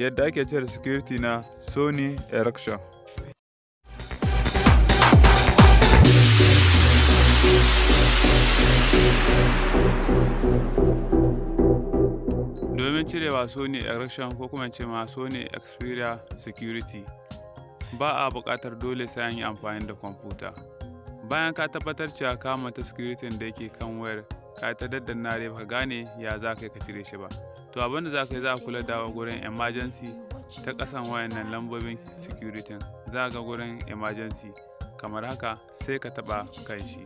yadda ake cire security na Sony Ericsson. Domin cirewa Sony Ericsson ko kuma ce ma Sony Xperia Security ba a buƙatar dole sai an yi amfani da kwamfuta. Bayan ka tabbatar cewa ka mata security da yake kan wayar ka ta daddana ka gane ya za ka ka cire shi ba. to abin da za ka yi za a kula da gurin emergency ta kasan wayannan lambobin security za ga gurin emergency kamar haka sai ka taba kan shi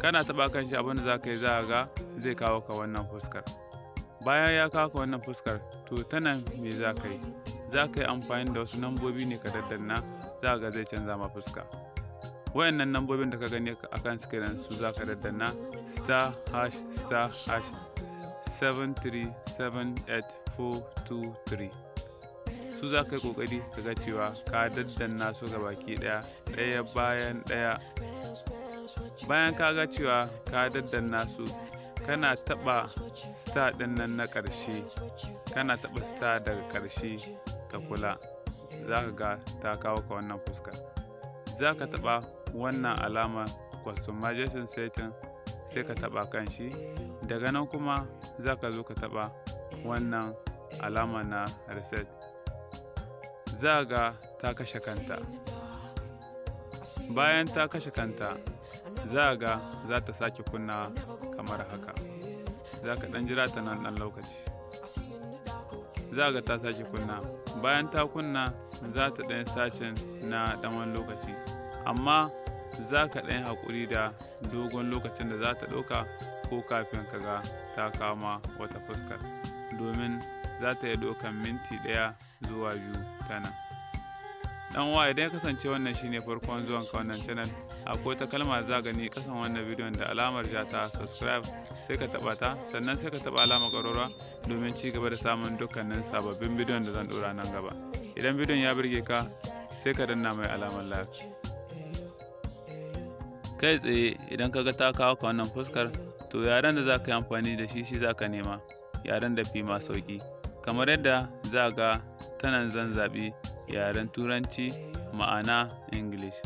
kana taba kan shi abin da za ka yi za a ga zai kawo ka wannan fuskar bayan ya kawo ka wannan fuskar to ta nan me za ka yi za ka yi amfani da wasu lambobi ne ka daddanna za ga zai canza ma fuska wayannan lambobin da ka gani akan kan sikirin su za ka daddanna star hash star hash 7378 su za ka yi ƙoƙari ka ga cewa ka daddanna su ga baki ɗaya ɗaya bayan ɗaya bayan ka ga cewa ka daddanna su kana taɓa star ɗin nan na ƙarshe kana taba star daga ƙarshe ka kula za ka ga ta kawo ka wannan fuska za ka taɓa wannan alama customization setting sai ka taɓa kan shi daga nan kuma za ka zo ka taɓa wannan alama na reset za ga ta kashe kanta bayan ta kashe kanta za ga za ta sake kunna kamar haka za ka ɗan jira ta nan ɗan lokaci za ga ta sake kunna bayan ta kunna za ta ɗan sacin na ɗan wani lokaci amma za ka ɗan haƙuri da dogon lokacin da za ta ɗauka ko kafin ka ga ta kama wata fuskar domin za ta yi ɗaukan minti ɗaya zuwa biyu tana dan wa idan ya kasance wannan shine farkon zuwan ka wannan channel akwai ta kalma za gani kasan wannan bidiyon da alamar ja ta subscribe sai ka taba ta sannan sai ka taba alamar ƙarora domin ci gaba da samun dukkanin sababbin bidiyon da zan ɗora nan gaba idan bidiyon ya birge ka sai ka danna mai alamar like kai tsaye idan ka ga ta kawo ka wannan fuskar to yaren da za ka yi amfani da shi shi za ka nema yaren da fi ma sauki kamar yadda za ga tanan zan zaɓi yaren turanci ma'ana english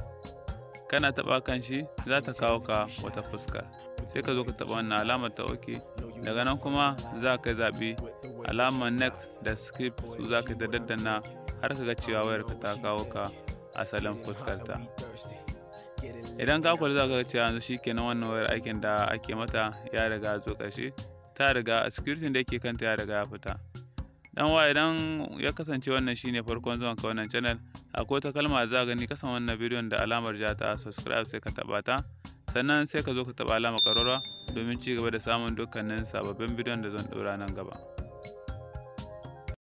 kana taɓa kan shi za ta kawo ka wata fuskar sai ka zo ka taɓa wannan alamar ta oke daga nan kuma za ka zaɓi alamar next da skip su za ka daddana har ka ga cewa ka ta kawo ka asalin fuskarta idan ka kula ga cewa yanzu shi kenan wannan wayar aikin da ake mata ya riga zo karshe ta riga a security da ke kanta ya riga ya fita dan wa idan ya kasance wannan ne farkon zuwan ka wannan channel akwai ta kalma za gani kasan wannan bidiyon da alamar ja ta subscribe sai ka taba ta sannan sai ka zo ka taba alamar karora domin ci gaba da samun dukkanin sababbin bidiyon da zan dora nan gaba